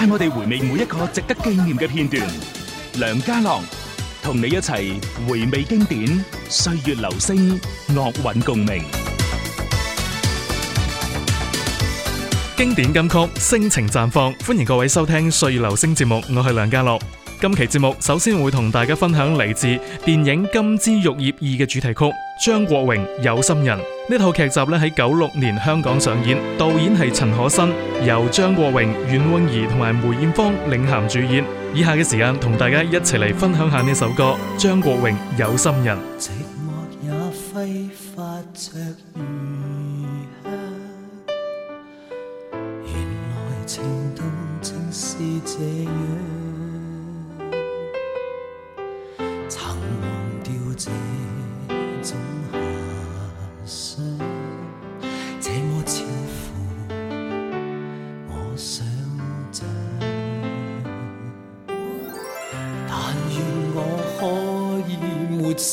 帶我哋回味每一個值得紀念嘅片段，梁家樂同你一齊回味經典，歲月留聲，樂韻共鳴。經典金曲，聲情綻放，歡迎各位收聽《歲月留聲》節目，我係梁家樂。今期節目首先會同大家分享嚟自電影《金枝玉葉二》嘅主題曲。張國榮《有心人》，呢套劇集咧喺九六年香港上演，導演係陳可辛，由張國榮、袁詠儀、同埋梅艷芳領銜主演。以下嘅時間同大家一齊嚟分享一下呢首歌《張國榮有心人》。寂寞也揮發着餘香，原來情動正是這樣，曾忘掉這。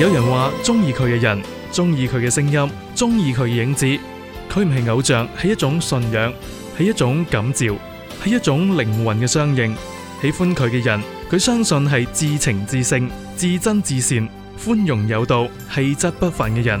有人話，中意佢嘅人，中意佢嘅聲音，中意佢嘅影子。佢唔係偶像，係一種信仰，係一種感召，係一種靈魂嘅相應。喜歡佢嘅人。佢相信係至情至性、至真至善、寬容有度、氣質不凡嘅人。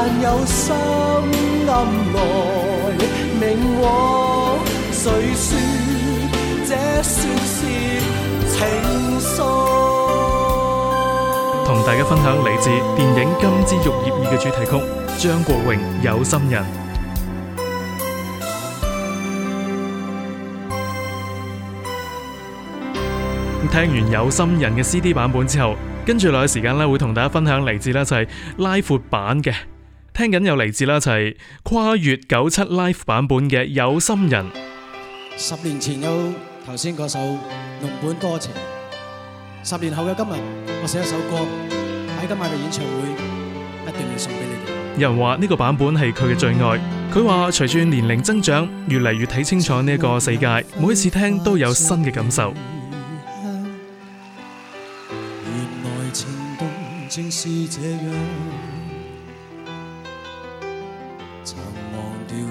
但有心暗來明我誰說，這算是情愫。同大家分享來自電影《金枝玉葉二》嘅主題曲《張國榮有心人》。聽完《有心人》嘅 CD 版本之後，跟住落嘅時間咧，會同大家分享嚟自咧就係拉闊版嘅。聽緊又嚟自啦，一齊跨越九七 Life 版本嘅有心人。十年前有頭先嗰首農本歌詞，十年後嘅今日，我寫一首歌喺今晚嘅演唱會，一定要送俾你哋。有人話呢個版本係佢嘅最愛，佢話隨住年齡增長，越嚟越睇清楚呢一個世界，每一次聽都有新嘅感受。原來情動正是這樣。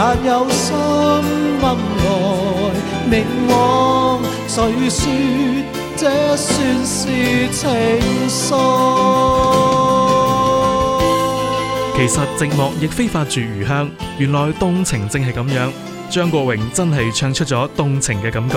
但有心問迷惘，誰說，這算是情愫，其實寂寞亦非法住餘香，原來動情正係咁樣。張國榮真係唱出咗動情嘅感覺。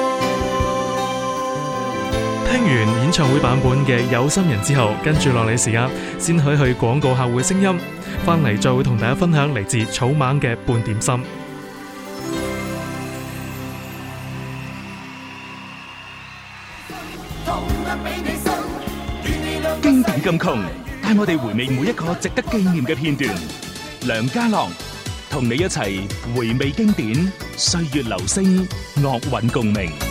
聽完演唱會版本嘅《有心人》之後，跟住落嚟時間先睇去廣告客戶嘅聲音，翻嚟再會同大家分享嚟自草蜢嘅《半點心》。經典金曲，帶我哋回味每一個值得紀念嘅片段。梁家朗，同你一齊回味經典，歲月留聲，樂韻共鳴。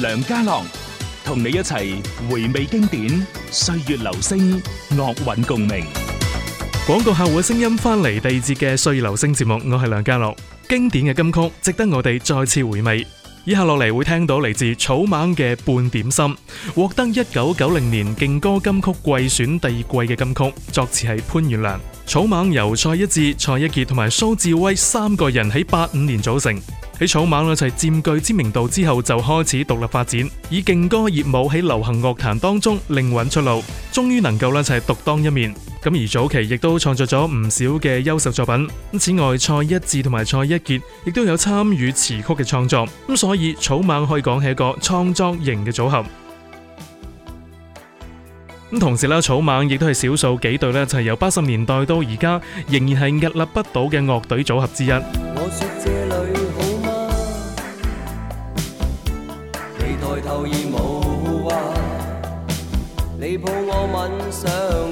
梁家樂同你一齊回味經典歲月留聲樂韻共鳴。廣告客戶嘅聲音翻嚟，第二節嘅《歲月留聲》節目，我係梁家樂。經典嘅金曲，值得我哋再次回味。以下落嚟會聽到嚟自草蜢嘅半點心，獲得一九九零年勁歌金曲季選第二季嘅金曲，作詞係潘源良。草蜢由蔡一智、蔡一傑同埋蘇志威三個人喺八五年組成，喺草蜢咧一齊佔據知名度之後，就開始獨立發展，以勁歌熱舞喺流行樂壇當中另揾出路，終於能夠咧一齊獨當一面。咁而早期亦都創作咗唔少嘅優秀作品。此外，蔡一智同埋蔡一傑亦都有參與詞曲嘅創作。咁所以草蜢可以講係一個創作型嘅組合。咁同時咧，草蜢亦都係少數幾隊咧，就係、是、由八十年代到而家仍然係屹立不倒嘅樂隊組合之一。我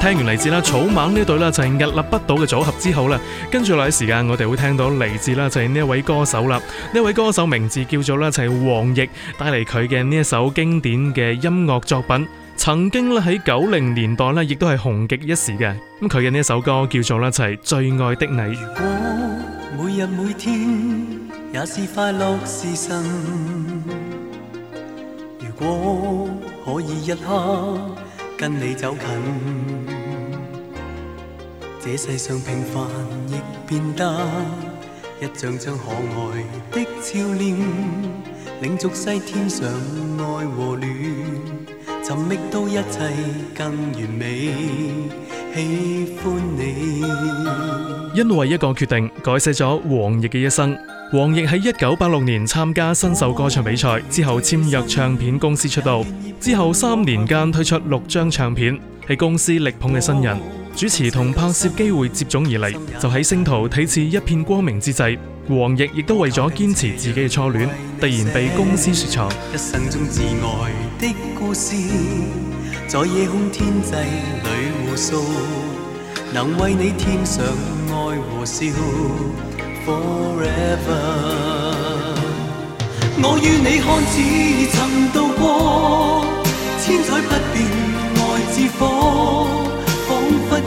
聽完嚟自啦草蜢呢隊啦就係屹立不倒嘅組合之後啦，跟住落嚟時間我哋會聽到嚟自啦就係呢一位歌手啦，呢一位歌手名字叫做啦就係黃翊帶嚟佢嘅呢一首經典嘅音樂作品，曾經啦喺九零年代啦亦都係紅極一時嘅，咁佢嘅呢一首歌叫做啦就係最愛的你。如果每日每天也是快樂時辰，如果可以一刻跟你走近。這世上平凡亦變得一張張可愛的笑臉，令俗世添上愛和暖，尋覓到一切更完美。喜歡你，因為一個決定改寫咗王亦嘅一生。王亦喺一九八六年參加新秀歌唱比賽之後簽約唱片公司出道，之後三年間推出六張唱片，係公司力捧嘅新人。主持同拍攝機會接踵而嚟，就喺星途睇似一片光明之際，王奕亦都為咗堅持自己嘅初戀，突然被公司雪藏。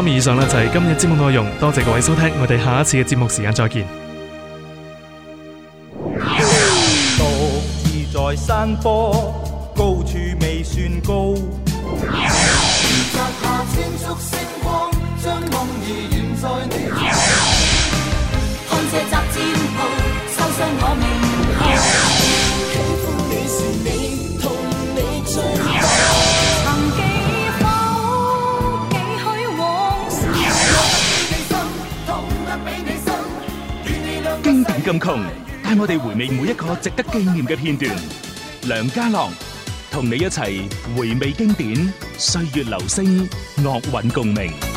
好，以上就係今日節目內容，多謝各位收聽，我哋下一次嘅節目時間再見。金窮帶我哋回味每一個值得紀念嘅片段，梁家郎同你一齊回味經典，歲月留聲，樂韻共鳴。